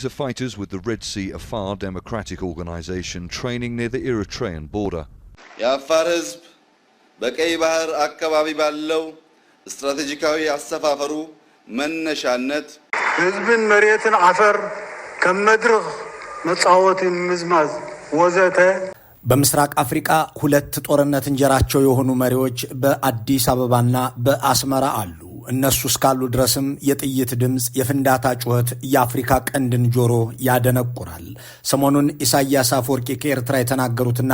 These are fighters with the Red Sea Afar Democratic Organization training near the Eritrean border. የአፋር ህዝብ በቀይ ባህር አካባቢ ባለው ስትራቴጂካዊ አሰፋፈሩ መነሻነት ህዝብን፣ መሬትን፣ አፈር ከም መጻወት መጻወትን፣ ምዝማዝ ወዘተ በምስራቅ አፍሪቃ ሁለት ጦርነት እንጀራቸው የሆኑ መሪዎች በአዲስ አበባና በአስመራ አሉ። እነሱ እስካሉ ድረስም የጥይት ድምፅ፣ የፍንዳታ ጩኸት የአፍሪካ ቀንድን ጆሮ ያደነቁራል። ሰሞኑን ኢሳያስ አፈወርቂ ከኤርትራ የተናገሩትና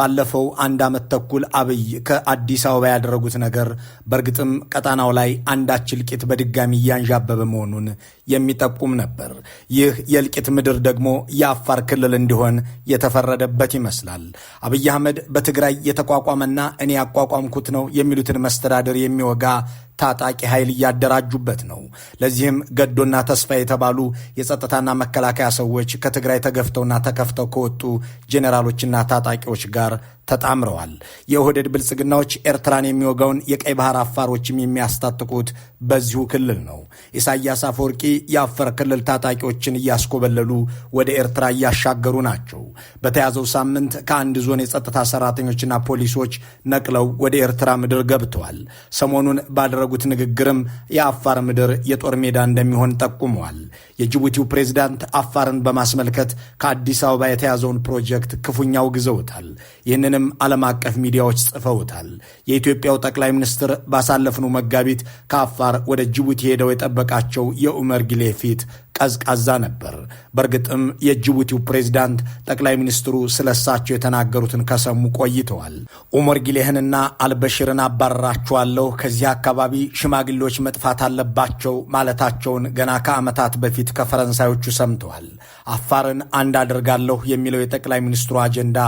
ባለፈው አንድ ዓመት ተኩል አብይ ከአዲስ አበባ ያደረጉት ነገር በእርግጥም ቀጣናው ላይ አንዳች እልቂት በድጋሚ እያንዣበበ መሆኑን የሚጠቁም ነበር። ይህ የእልቂት ምድር ደግሞ የአፋር ክልል እንዲሆን የተፈረደበት ይመስላል። አብይ አህመድ በትግራይ የተቋቋመና እኔ ያቋቋምኩት ነው የሚሉትን መስተዳደር የሚወጋ ታጣቂ ኃይል እያደራጁበት ነው። ለዚህም ገዶና ተስፋ የተባሉ የጸጥታና መከላከያ ሰዎች ከትግራይ ተገፍተውና ተከፍተው ከወጡ ጄኔራሎችና ታጣቂዎች ጋር ተጣምረዋል። የውህደድ ብልጽግናዎች ኤርትራን የሚወጋውን የቀይ ባህር አፋሮችም የሚያስታጥቁት በዚሁ ክልል ነው። ኢሳያስ አፈወርቂ የአፋር ክልል ታጣቂዎችን እያስኮበለሉ ወደ ኤርትራ እያሻገሩ ናቸው። በተያዘው ሳምንት ከአንድ ዞን የጸጥታ ሰራተኞችና ፖሊሶች ነቅለው ወደ ኤርትራ ምድር ገብተዋል። ሰሞኑን ባደረጉት ንግግርም የአፋር ምድር የጦር ሜዳ እንደሚሆን ጠቁመዋል። የጅቡቲው ፕሬዝዳንት አፋርን በማስመልከት ከአዲስ አበባ የተያዘውን ፕሮጀክት ክፉኛ አውግዘውታል። ይህንንም ዓለም አቀፍ ሚዲያዎች ጽፈውታል። የኢትዮጵያው ጠቅላይ ሚኒስትር ባሳለፍነው መጋቢት ከአፋር ወደ ጅቡቲ ሄደው የጠበቃቸው የኡመር ጊሌ ፊት ቀዝቃዛ ነበር። በእርግጥም የጅቡቲው ፕሬዚዳንት ጠቅላይ ሚኒስትሩ ስለሳቸው የተናገሩትን ከሰሙ ቆይተዋል። ኡመር ጊሌህንና አልበሽርን አባረራችኋለሁ፣ ከዚህ አካባቢ ሽማግሌዎች መጥፋት አለባቸው ማለታቸውን ገና ከዓመታት በፊት ከፈረንሳዮቹ ሰምተዋል። አፋርን አንድ አድርጋለሁ የሚለው የጠቅላይ ሚኒስትሩ አጀንዳ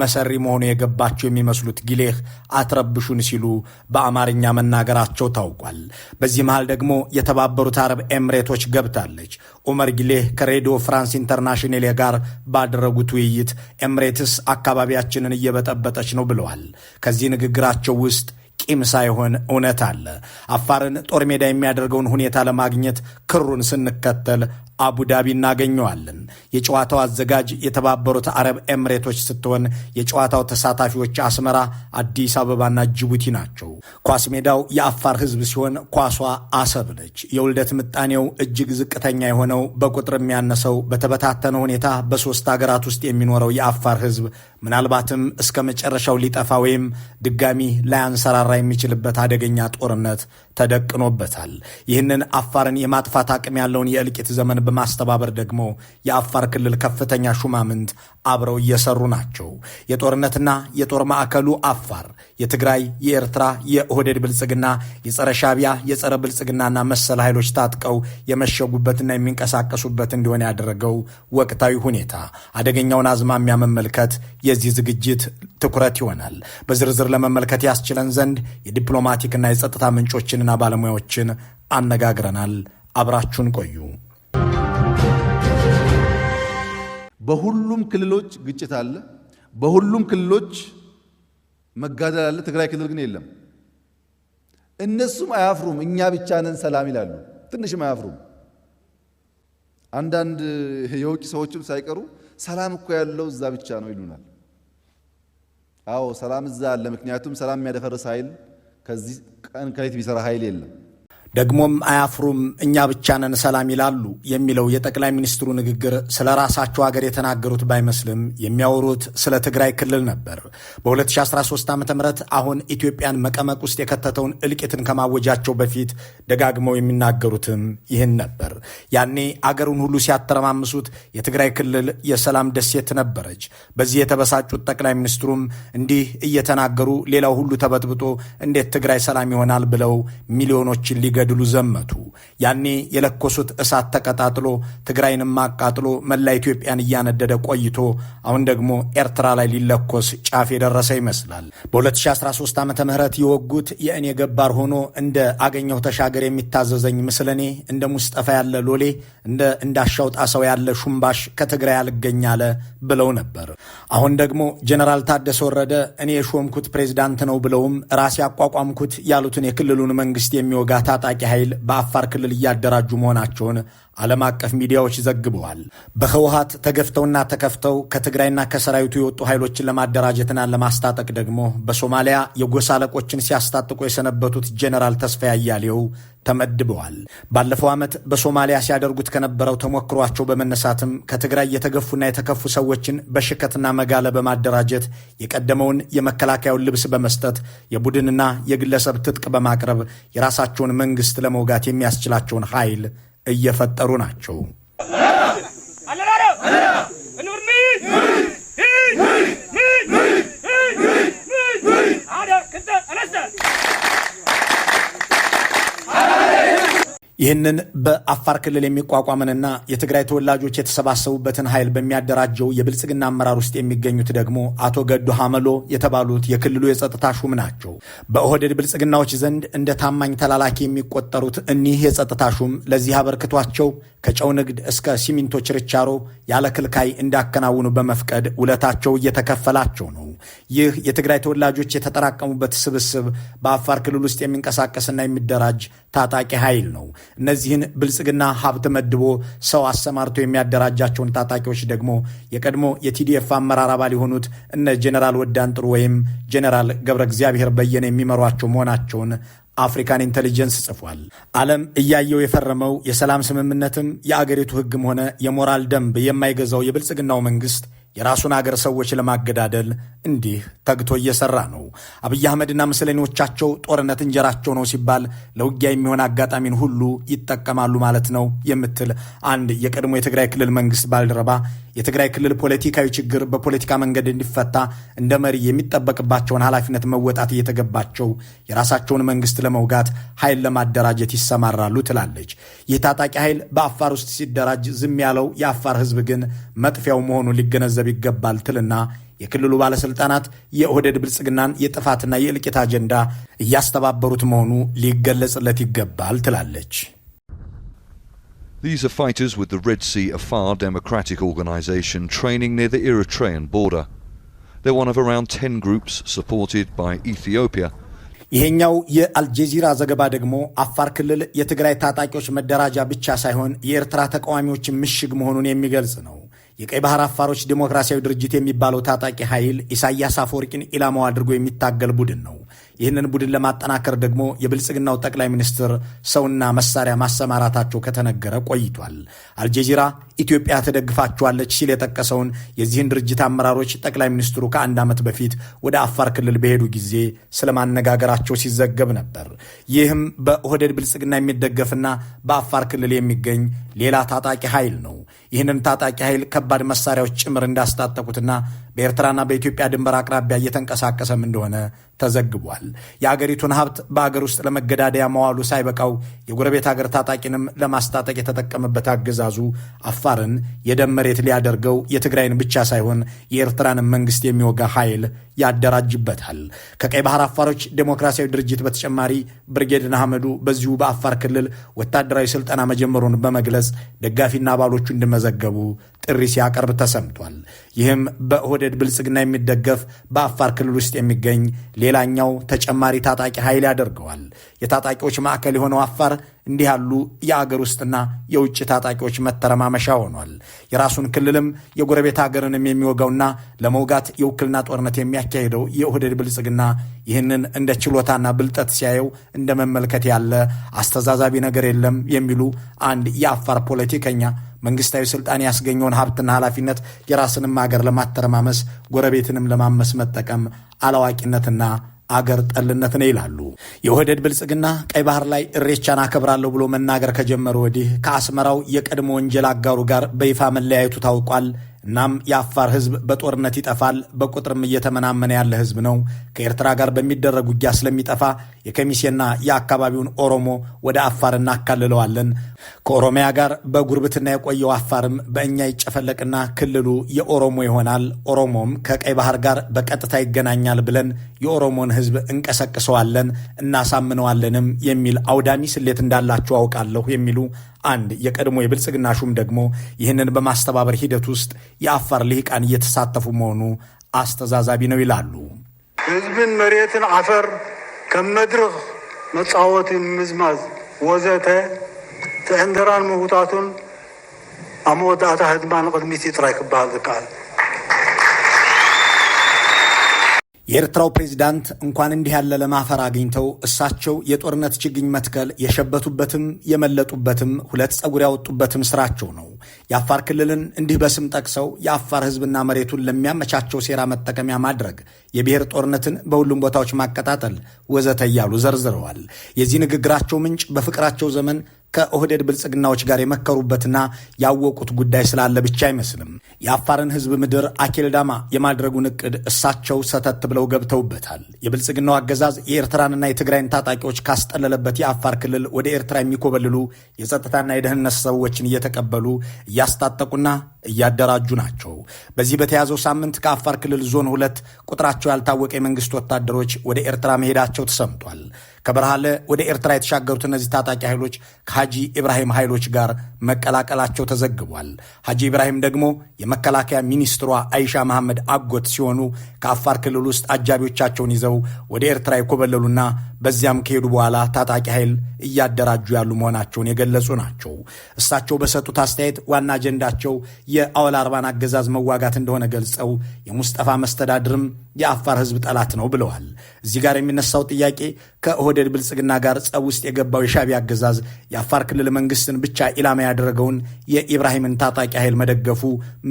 መሰሪ መሆኑ የገባቸው የሚመስሉት ጊሌህ አትረብሹን ሲሉ በአማርኛ መናገራቸው ታውቋል። በዚህ መሃል ደግሞ የተባበሩት አረብ ኤምሬቶች ገብታለች። ኦመር ጊሌ ከሬዲዮ ፍራንስ ኢንተርናሽናል ጋር ባደረጉት ውይይት ኤምሬትስ አካባቢያችንን እየበጠበጠች ነው ብለዋል። ከዚህ ንግግራቸው ውስጥ ቂም ሳይሆን እውነት አለ። አፋርን ጦር ሜዳ የሚያደርገውን ሁኔታ ለማግኘት ክሩን ስንከተል አቡዳቢ እናገኘዋለን። የጨዋታው አዘጋጅ የተባበሩት አረብ ኤምሬቶች ስትሆን የጨዋታው ተሳታፊዎች አስመራ፣ አዲስ አበባና ጅቡቲ ናቸው። ኳስ ሜዳው የአፋር ሕዝብ ሲሆን ኳሷ አሰብ ነች። የውልደት ምጣኔው እጅግ ዝቅተኛ የሆነው በቁጥር የሚያነሰው በተበታተነ ሁኔታ በሶስት ሀገራት ውስጥ የሚኖረው የአፋር ሕዝብ ምናልባትም እስከ መጨረሻው ሊጠፋ ወይም ድጋሚ ላያንሰራራ የሚችልበት አደገኛ ጦርነት ተደቅኖበታል። ይህንን አፋርን የማጥፋት አቅም ያለውን የእልቂት ዘመን በማስተባበር ደግሞ የአፋር ክልል ከፍተኛ ሹማምንት አብረው እየሰሩ ናቸው። የጦርነትና የጦር ማዕከሉ አፋር፣ የትግራይ፣ የኤርትራ፣ የኦህዴድ ብልጽግና፣ የጸረ ሻቢያ፣ የጸረ ብልጽግናና መሰል ኃይሎች ታጥቀው የመሸጉበትና የሚንቀሳቀሱበት እንዲሆን ያደረገው ወቅታዊ ሁኔታ አደገኛውን አዝማሚያ መመልከት የዚህ ዝግጅት ትኩረት ይሆናል። በዝርዝር ለመመልከት ያስችለን ዘንድ የዲፕሎማቲክና የጸጥታ ምንጮችንና ባለሙያዎችን አነጋግረናል። አብራችሁን ቆዩ። በሁሉም ክልሎች ግጭት አለ። በሁሉም ክልሎች መጋደል አለ። ትግራይ ክልል ግን የለም። እነሱም አያፍሩም። እኛ ብቻ ነን ሰላም ይላሉ። ትንሽም አያፍሩም። አንዳንድ የውጭ ሰዎችም ሳይቀሩ ሰላም እኮ ያለው እዛ ብቻ ነው ይሉናል። አዎ ሰላም እዛ አለ። ምክንያቱም ሰላም የሚያደፈርስ ኃይል ከዚህ ቀን ከሌት ቢሰራ ኃይል የለም። ደግሞም አያፍሩም እኛ ብቻ ነን ሰላም ይላሉ የሚለው የጠቅላይ ሚኒስትሩ ንግግር ስለ ራሳቸው ሀገር የተናገሩት ባይመስልም የሚያወሩት ስለ ትግራይ ክልል ነበር። በ2013 ዓ ም አሁን ኢትዮጵያን መቀመቅ ውስጥ የከተተውን እልቂትን ከማወጃቸው በፊት ደጋግመው የሚናገሩትም ይህን ነበር። ያኔ አገሩን ሁሉ ሲያተረማምሱት የትግራይ ክልል የሰላም ደሴት ነበረች። በዚህ የተበሳጩት ጠቅላይ ሚኒስትሩም እንዲህ እየተናገሩ ሌላው ሁሉ ተበጥብጦ እንዴት ትግራይ ሰላም ይሆናል ብለው ሚሊዮኖችን ሊገ ድሉ ዘመቱ። ያኔ የለኮሱት እሳት ተቀጣጥሎ ትግራይንም አቃጥሎ መላ ኢትዮጵያን እያነደደ ቆይቶ አሁን ደግሞ ኤርትራ ላይ ሊለኮስ ጫፍ የደረሰ ይመስላል። በ2013 ዓ ም የወጉት የእኔ ገባር ሆኖ እንደ አገኘው ተሻገር የሚታዘዘኝ ምስለኔ እንደ ሙስጠፋ ያለ ሎሌ እንደ እንዳሻው ሰው ያለ ሹምባሽ ከትግራይ አልገኛለ ብለው ነበር። አሁን ደግሞ ጀነራል ታደሰ ወረደ እኔ የሾምኩት ፕሬዚዳንት ነው ብለውም ራሴ አቋቋምኩት ያሉትን የክልሉን መንግስት የሚወጋ ታጣ ታጣቂ ኃይል በአፋር ክልል እያደራጁ መሆናቸውን ዓለም አቀፍ ሚዲያዎች ዘግበዋል። በህወሀት ተገፍተውና ተከፍተው ከትግራይና ከሰራዊቱ የወጡ ኃይሎችን ለማደራጀትና ለማስታጠቅ ደግሞ በሶማሊያ የጎሳ አለቆችን ሲያስታጥቁ የሰነበቱት ጄኔራል ተስፋዬ አያሌው ተመድበዋል። ባለፈው ዓመት በሶማሊያ ሲያደርጉት ከነበረው ተሞክሯቸው በመነሳትም ከትግራይ የተገፉና የተከፉ ሰዎችን በሽከትና መጋለ በማደራጀት የቀደመውን የመከላከያውን ልብስ በመስጠት የቡድንና የግለሰብ ትጥቅ በማቅረብ የራሳቸውን መንግስት ለመውጋት የሚያስችላቸውን ኃይል እየፈጠሩ ናቸው። ይህንን በአፋር ክልል የሚቋቋምንና የትግራይ ተወላጆች የተሰባሰቡበትን ኃይል በሚያደራጀው የብልጽግና አመራር ውስጥ የሚገኙት ደግሞ አቶ ገዱ ሀመሎ የተባሉት የክልሉ የጸጥታ ሹም ናቸው። በኦህደድ ብልጽግናዎች ዘንድ እንደ ታማኝ ተላላኪ የሚቆጠሩት እኒህ የጸጥታ ሹም ለዚህ አበርክቷቸው ከጨው ንግድ እስከ ሲሚንቶ ችርቻሮ ያለ ክልካይ እንዳከናውኑ በመፍቀድ ውለታቸው እየተከፈላቸው ነው። ይህ የትግራይ ተወላጆች የተጠራቀሙበት ስብስብ በአፋር ክልል ውስጥ የሚንቀሳቀስና የሚደራጅ ታጣቂ ኃይል ነው። እነዚህን ብልጽግና ሀብት መድቦ ሰው አሰማርቶ የሚያደራጃቸውን ታጣቂዎች ደግሞ የቀድሞ የቲዲኤፍ አመራር አባል የሆኑት እነ ወዳን ወዳንጥሩ ወይም ጀኔራል ገብረ እግዚአብሔር በየነ የሚመሯቸው መሆናቸውን አፍሪካን ኢንቴሊጀንስ ጽፏል። ዓለም እያየው የፈረመው የሰላም ስምምነትም የአገሪቱ ሕግም ሆነ የሞራል ደንብ የማይገዛው የብልጽግናው መንግስት የራሱን አገር ሰዎች ለማገዳደል እንዲህ ተግቶ እየሰራ ነው። አብይ አህመድና ምስለኔዎቻቸው ጦርነት እንጀራቸው ነው ሲባል ለውጊያ የሚሆን አጋጣሚን ሁሉ ይጠቀማሉ ማለት ነው የምትል አንድ የቀድሞ የትግራይ ክልል መንግስት ባልደረባ የትግራይ ክልል ፖለቲካዊ ችግር በፖለቲካ መንገድ እንዲፈታ እንደ መሪ የሚጠበቅባቸውን ኃላፊነት መወጣት እየተገባቸው የራሳቸውን መንግስት ለመውጋት ኃይል ለማደራጀት ይሰማራሉ ትላለች። ይህ ታጣቂ ኃይል በአፋር ውስጥ ሲደራጅ ዝም ያለው የአፋር ህዝብ ግን መጥፊያው መሆኑን ሊገነዘብ ሊገነዘብ ይገባል ትልና የክልሉ ባለሥልጣናት የኦህደድ ብልጽግናን የጥፋትና የእልቂት አጀንዳ እያስተባበሩት መሆኑ ሊገለጽለት ይገባል ትላለች። These are fighters with the Red Sea Afar Democratic Organization training near the Eritrean border. They're one of around 10 groups supported by Ethiopia. ይሄኛው የአልጀዚራ ዘገባ ደግሞ አፋር ክልል የትግራይ ታጣቂዎች መደራጃ ብቻ ሳይሆን የኤርትራ ተቃዋሚዎች ምሽግ መሆኑን የሚገልጽ ነው። የቀይ ባህር አፋሮች ዴሞክራሲያዊ ድርጅት የሚባለው ታጣቂ ኃይል ኢሳያስ አፈወርቂን ኢላማው አድርጎ የሚታገል ቡድን ነው። ይህንን ቡድን ለማጠናከር ደግሞ የብልጽግናው ጠቅላይ ሚኒስትር ሰውና መሳሪያ ማሰማራታቸው ከተነገረ ቆይቷል። አልጀዚራ ኢትዮጵያ ተደግፋችኋለች ሲል የጠቀሰውን የዚህን ድርጅት አመራሮች ጠቅላይ ሚኒስትሩ ከአንድ ዓመት በፊት ወደ አፋር ክልል በሄዱ ጊዜ ስለማነጋገራቸው ሲዘገብ ነበር። ይህም በኦህደድ ብልጽግና የሚደገፍና በአፋር ክልል የሚገኝ ሌላ ታጣቂ ኃይል ነው። ይህንን ታጣቂ ኃይል ከባድ መሳሪያዎች ጭምር እንዳስታጠቁትና በኤርትራና በኢትዮጵያ ድንበር አቅራቢያ እየተንቀሳቀሰም እንደሆነ ተዘግቧል። የአገሪቱን ሀብት በአገር ውስጥ ለመገዳደያ መዋሉ ሳይበቃው የጎረቤት አገር ታጣቂንም ለማስታጠቅ የተጠቀመበት አገዛዙ አፋርን የደም መሬት ሊያደርገው የትግራይን ብቻ ሳይሆን የኤርትራንም መንግስት የሚወጋ ኃይል ያደራጅበታል። ከቀይ ባህር አፋሮች ዴሞክራሲያዊ ድርጅት በተጨማሪ ብርጌድን አህመዱ በዚሁ በአፋር ክልል ወታደራዊ ስልጠና መጀመሩን በመግለጽ ደጋፊና አባሎቹ እንዲመዘገቡ ጥሪ ሲያቀርብ ተሰምቷል። ይህም በኦህዴድ ብልጽግና የሚደገፍ በአፋር ክልል ውስጥ የሚገኝ ሌላኛው ተጨማሪ ታጣቂ ኃይል ያደርገዋል። የታጣቂዎች ማዕከል የሆነው አፋር እንዲህ ያሉ የአገር ውስጥና የውጭ ታጣቂዎች መተረማመሻ ሆኗል። የራሱን ክልልም የጎረቤት ሀገርንም የሚወጋውና ለመውጋት የውክልና ጦርነት የሚያካሂደው የውህደድ ብልጽግና ይህንን እንደ ችሎታና ብልጠት ሲያየው እንደ መመልከት ያለ አስተዛዛቢ ነገር የለም የሚሉ አንድ የአፋር ፖለቲከኛ መንግስታዊ ስልጣን ያስገኘውን ሀብትና ኃላፊነት የራስንም ሀገር ለማተረማመስ ጎረቤትንም ለማመስ መጠቀም አላዋቂነትና አገር ጠልነት ነው ይላሉ። የወደድ ብልጽግና ቀይ ባህር ላይ እሬቻን አከብራለሁ ብሎ መናገር ከጀመረ ወዲህ ከአስመራው የቀድሞ ወንጀል አጋሩ ጋር በይፋ መለያየቱ ታውቋል። እናም የአፋር ህዝብ በጦርነት ይጠፋል። በቁጥርም እየተመናመነ ያለ ህዝብ ነው። ከኤርትራ ጋር በሚደረግ ውጊያ ስለሚጠፋ የከሚሴና የአካባቢውን ኦሮሞ ወደ አፋር እናካልለዋለን፣ ከኦሮሚያ ጋር በጉርብትና የቆየው አፋርም በእኛ ይጨፈለቅና ክልሉ የኦሮሞ ይሆናል፣ ኦሮሞም ከቀይ ባህር ጋር በቀጥታ ይገናኛል ብለን የኦሮሞን ሕዝብ እንቀሰቅሰዋለን፣ እናሳምነዋለንም የሚል አውዳሚ ስሌት እንዳላቸው አውቃለሁ የሚሉ አንድ የቀድሞ የብልጽግና ሹም ደግሞ ይህንን በማስተባበር ሂደት ውስጥ የአፋር ልሂቃን እየተሳተፉ መሆኑ አስተዛዛቢ ነው ይላሉ። ህዝብን፣ መሬትን፣ አፈር ከምመድረኽ መጻወትን፣ ምዝማዝ ወዘተ ትዕንደራን ምውህታቱን ኣብ መወዳእታ ህድማ ጥራይ ክበሃል ዝከኣል የኤርትራው ፕሬዚዳንት እንኳን እንዲህ ያለ ለማፈር አግኝተው እሳቸው የጦርነት ችግኝ መትከል የሸበቱበትም የመለጡበትም ሁለት ጸጉር ያወጡበትም ስራቸው ነው። የአፋር ክልልን እንዲህ በስም ጠቅሰው የአፋር ህዝብና መሬቱን ለሚያመቻቸው ሴራ መጠቀሚያ ማድረግ፣ የብሔር ጦርነትን በሁሉም ቦታዎች ማቀጣጠል ወዘተ እያሉ ዘርዝረዋል። የዚህ ንግግራቸው ምንጭ በፍቅራቸው ዘመን ከኦህዴድ ብልጽግናዎች ጋር የመከሩበትና ያወቁት ጉዳይ ስላለ ብቻ አይመስልም። የአፋርን ህዝብ ምድር አኬልዳማ የማድረጉን እቅድ እሳቸው ሰተት ብለው ገብተውበታል። የብልጽግናው አገዛዝ የኤርትራንና የትግራይን ታጣቂዎች ካስጠለለበት የአፋር ክልል ወደ ኤርትራ የሚኮበልሉ የጸጥታና የደህንነት ሰዎችን እየተቀበሉ እያስታጠቁና እያደራጁ ናቸው። በዚህ በተያዘው ሳምንት ከአፋር ክልል ዞን ሁለት ቁጥራቸው ያልታወቀ የመንግስት ወታደሮች ወደ ኤርትራ መሄዳቸው ተሰምቷል። ከበረሃለ ወደ ኤርትራ የተሻገሩት እነዚህ ታጣቂ ኃይሎች ከሐጂ ኢብራሂም ኃይሎች ጋር መቀላቀላቸው ተዘግቧል። ሐጂ ኢብራሂም ደግሞ የመከላከያ ሚኒስትሯ አይሻ መሐመድ አጎት ሲሆኑ ከአፋር ክልል ውስጥ አጃቢዎቻቸውን ይዘው ወደ ኤርትራ የኮበለሉና በዚያም ከሄዱ በኋላ ታጣቂ ኃይል እያደራጁ ያሉ መሆናቸውን የገለጹ ናቸው። እሳቸው በሰጡት አስተያየት ዋና አጀንዳቸው የአወል አርባን አገዛዝ መዋጋት እንደሆነ ገልጸው የሙስጠፋ መስተዳድርም የአፋር ህዝብ ጠላት ነው ብለዋል። እዚህ ጋር የሚነሳው ጥያቄ ከኦህዴድ ብልጽግና ጋር ጸብ ውስጥ የገባው የሻቢያ አገዛዝ የአፋር ክልል መንግስትን ብቻ ኢላማ ያደረገውን የኢብራሂምን ታጣቂ ኃይል መደገፉ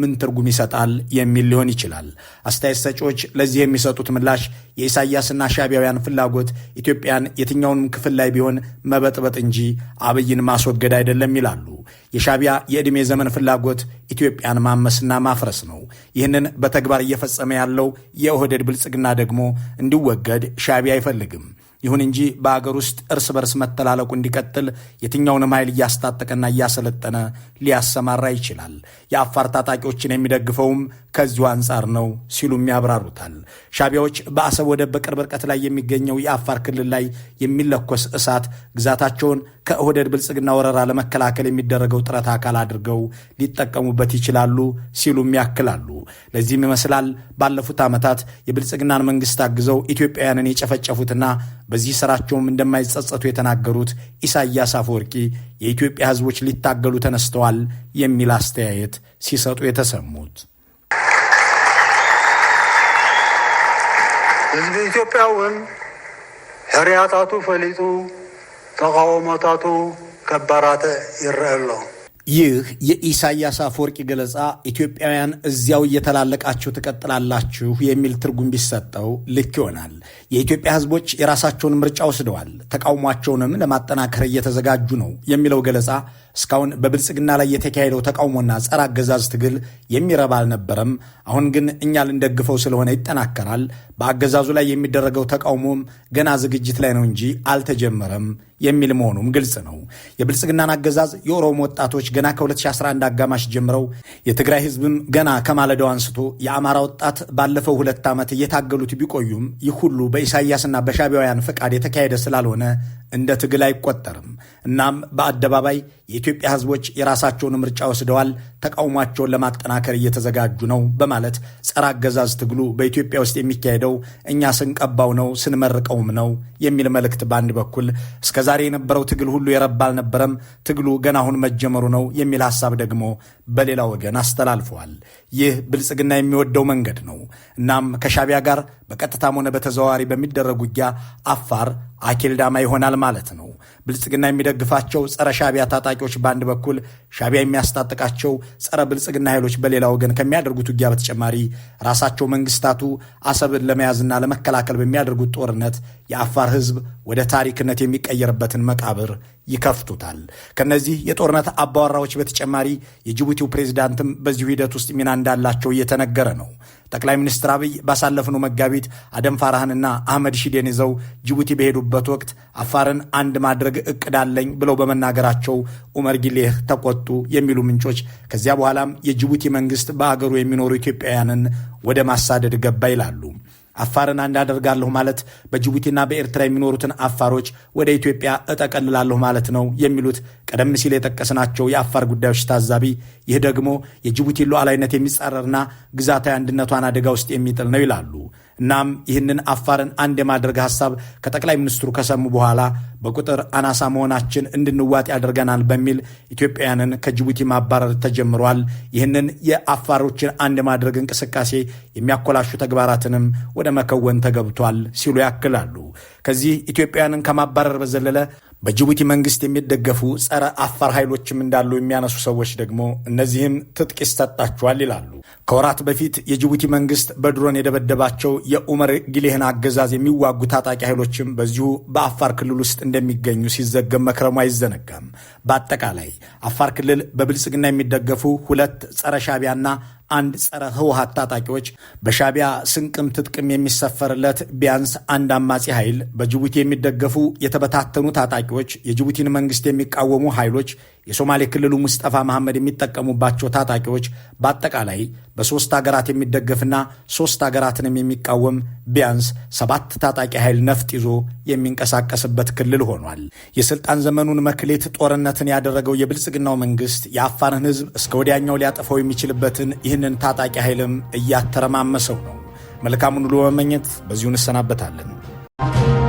ምን ትርጉም ይሰጣል የሚል ሊሆን ይችላል። አስተያየት ሰጪዎች ለዚህ የሚሰጡት ምላሽ የኢሳያስና ሻቢያውያን ፍላጎት ኢትዮጵያን የትኛውንም ክፍል ላይ ቢሆን መበጥበጥ እንጂ አብይን ማስወገድ አይደለም ይላሉ። የሻቢያ የዕድሜ ዘመን ፍላጎት ኢትዮጵያን ማመስና ማፍረስ ነው። ይህንን በተግባር እየፈጸመ ያለው የኦህዴድ ብልጽግና ደግሞ እንዲወገድ ሻቢያ አይፈልግም። ይሁን እንጂ በአገር ውስጥ እርስ በርስ መተላለቁ እንዲቀጥል የትኛውንም ኃይል እያስታጠቀና እያሰለጠነ ሊያሰማራ ይችላል። የአፋር ታጣቂዎችን የሚደግፈውም ከዚሁ አንጻር ነው ሲሉም ያብራሩታል። ሻቢያዎች በአሰብ ወደብ በቅርብ ርቀት ላይ የሚገኘው የአፋር ክልል ላይ የሚለኮስ እሳት ግዛታቸውን ከኦህደድ ብልጽግና ወረራ ለመከላከል የሚደረገው ጥረት አካል አድርገው ሊጠቀሙበት ይችላሉ ሲሉም ያክላሉ። ለዚህም ይመስላል ባለፉት ዓመታት የብልጽግናን መንግስት አግዘው ኢትዮጵያውያንን የጨፈጨፉትና በዚህ ስራቸውም እንደማይጸጸቱ የተናገሩት ኢሳያስ አፈወርቂ የኢትዮጵያ ሕዝቦች ሊታገሉ ተነስተዋል የሚል አስተያየት ሲሰጡ የተሰሙት። ህዝቢ ኢትዮጵያ እውን ሕርያታቱ ፈሊጡ ተቃውሞታቱ ከባራተ ይረአ ኣሎ። ይህ የኢሳያስ አፈወርቂ ገለጻ ኢትዮጵያውያን እዚያው እየተላለቃችሁ ትቀጥላላችሁ የሚል ትርጉም ቢሰጠው ልክ ይሆናል። የኢትዮጵያ ህዝቦች የራሳቸውን ምርጫ ወስደዋል፣ ተቃውሟቸውንም ለማጠናከር እየተዘጋጁ ነው የሚለው ገለጻ እስካሁን በብልጽግና ላይ የተካሄደው ተቃውሞና ጸረ አገዛዝ ትግል የሚረባ አልነበረም። አሁን ግን እኛ ልንደግፈው ስለሆነ ይጠናከራል። በአገዛዙ ላይ የሚደረገው ተቃውሞም ገና ዝግጅት ላይ ነው እንጂ አልተጀመረም የሚል መሆኑም ግልጽ ነው። የብልጽግናን አገዛዝ የኦሮሞ ወጣቶች ገና ከ2011 አጋማሽ ጀምረው የትግራይ ህዝብም ገና ከማለዳው አንስቶ የአማራ ወጣት ባለፈው ሁለት ዓመት እየታገሉት ቢቆዩም ይህ ሁሉ በኢሳያስና በሻቢያውያን ፈቃድ የተካሄደ ስላልሆነ እንደ ትግል አይቆጠርም። እናም በአደባባይ የኢትዮጵያ ህዝቦች የራሳቸውን ምርጫ ወስደዋል። ተቃውሟቸውን ለማጠናከር እየተዘጋጁ ነው በማለት ጸረ አገዛዝ ትግሉ በኢትዮጵያ ውስጥ የሚካሄደው እኛ ስንቀባው ነው ስንመርቀውም ነው የሚል መልእክት በአንድ በኩል እስከዛሬ የነበረው ትግል ሁሉ የረባ አልነበረም፣ ትግሉ ገና አሁን መጀመሩ ነው የሚል ሐሳብ ደግሞ በሌላ ወገን አስተላልፈዋል። ይህ ብልጽግና የሚወደው መንገድ ነው። እናም ከሻቢያ ጋር በቀጥታም ሆነ በተዘዋዋሪ በሚደረግ ውጊያ አፋር አኬልዳማ ይሆናል ማለት ነው። ብልጽግና የሚደግፋቸው ጸረ ሻቢያ ታጣቂዎች በአንድ በኩል ሻቢያ የሚያስታጥቃቸው ጸረ ብልጽግና ኃይሎች በሌላ ወገን ከሚያደርጉት ውጊያ በተጨማሪ ራሳቸው መንግስታቱ አሰብን ለመያዝና ለመከላከል በሚያደርጉት ጦርነት የአፋር ህዝብ ወደ ታሪክነት የሚቀየርበትን መቃብር ይከፍቱታል። ከነዚህ የጦርነት አባወራዎች በተጨማሪ የጅቡቲው ፕሬዚዳንትም በዚሁ ሂደት ውስጥ ሚና እንዳላቸው እየተነገረ ነው። ጠቅላይ ሚኒስትር አብይ ባሳለፍነው መጋቢት አደም ፋራህንና አህመድ ሺዴን ይዘው ጅቡቲ በሄዱበት ወቅት አፋርን አንድ ማድረግ እቅድ አለኝ ብለው በመናገራቸው ኡመር ጊሌህ ተቆጡ የሚሉ ምንጮች ከዚያ በኋላም የጅቡቲ መንግስት በአገሩ የሚኖሩ ኢትዮጵያውያንን ወደ ማሳደድ ገባ ይላሉ። አፋርን አንድ አደርጋለሁ ማለት በጅቡቲና በኤርትራ የሚኖሩትን አፋሮች ወደ ኢትዮጵያ እጠቀልላለሁ ማለት ነው የሚሉት ቀደም ሲል የጠቀስናቸው የአፋር ጉዳዮች ታዛቢ ይህ ደግሞ የጅቡቲን ሉዓላዊነት የሚጻረርና ግዛታዊ አንድነቷን አደጋ ውስጥ የሚጥል ነው ይላሉ። እናም ይህንን አፋርን አንድ የማድረግ ሀሳብ ከጠቅላይ ሚኒስትሩ ከሰሙ በኋላ በቁጥር አናሳ መሆናችን እንድንዋጥ ያደርገናል በሚል ኢትዮጵያውያንን ከጅቡቲ ማባረር ተጀምሯል። ይህንን የአፋሮችን አንድ የማድረግ እንቅስቃሴ የሚያኮላሹ ተግባራትንም ወደ መከወን ተገብቷል ሲሉ ያክላሉ። ከዚህ ኢትዮጵያውያንን ከማባረር በዘለለ በጅቡቲ መንግስት የሚደገፉ ጸረ አፋር ኃይሎችም እንዳሉ የሚያነሱ ሰዎች ደግሞ እነዚህም ትጥቅ ይሰጣቸዋል ይላሉ። ከወራት በፊት የጅቡቲ መንግስት በድሮን የደበደባቸው የኡመር ጊሌህን አገዛዝ የሚዋጉ ታጣቂ ኃይሎችም በዚሁ በአፋር ክልል ውስጥ እንደሚገኙ ሲዘገብ መክረሙ አይዘነጋም። በአጠቃላይ አፋር ክልል በብልጽግና የሚደገፉ ሁለት ጸረ ሻቢያና አንድ ጸረ ህወሀት ታጣቂዎች በሻቢያ ስንቅም ትጥቅም የሚሰፈርለት ቢያንስ አንድ አማጺ ኃይል በጅቡቲ የሚደገፉ የተበታተኑ ታጣቂዎች፣ የጅቡቲን መንግስት የሚቃወሙ ኃይሎች፣ የሶማሌ ክልሉ ሙስጠፋ መሐመድ የሚጠቀሙባቸው ታጣቂዎች በአጠቃላይ በሶስት ሀገራት የሚደገፍና ሶስት ሀገራትንም የሚቃወም ቢያንስ ሰባት ታጣቂ ኃይል ነፍጥ ይዞ የሚንቀሳቀስበት ክልል ሆኗል። የስልጣን ዘመኑን መክሌት ጦርነትን ያደረገው የብልጽግናው መንግስት የአፋርን ህዝብ እስከ ወዲያኛው ሊያጠፋው የሚችልበትን ይህ ይህንን ታጣቂ ኃይልም እያተረማመሰው ነው። መልካሙን ሁሉ በመመኘት በዚሁ እንሰናበታለን።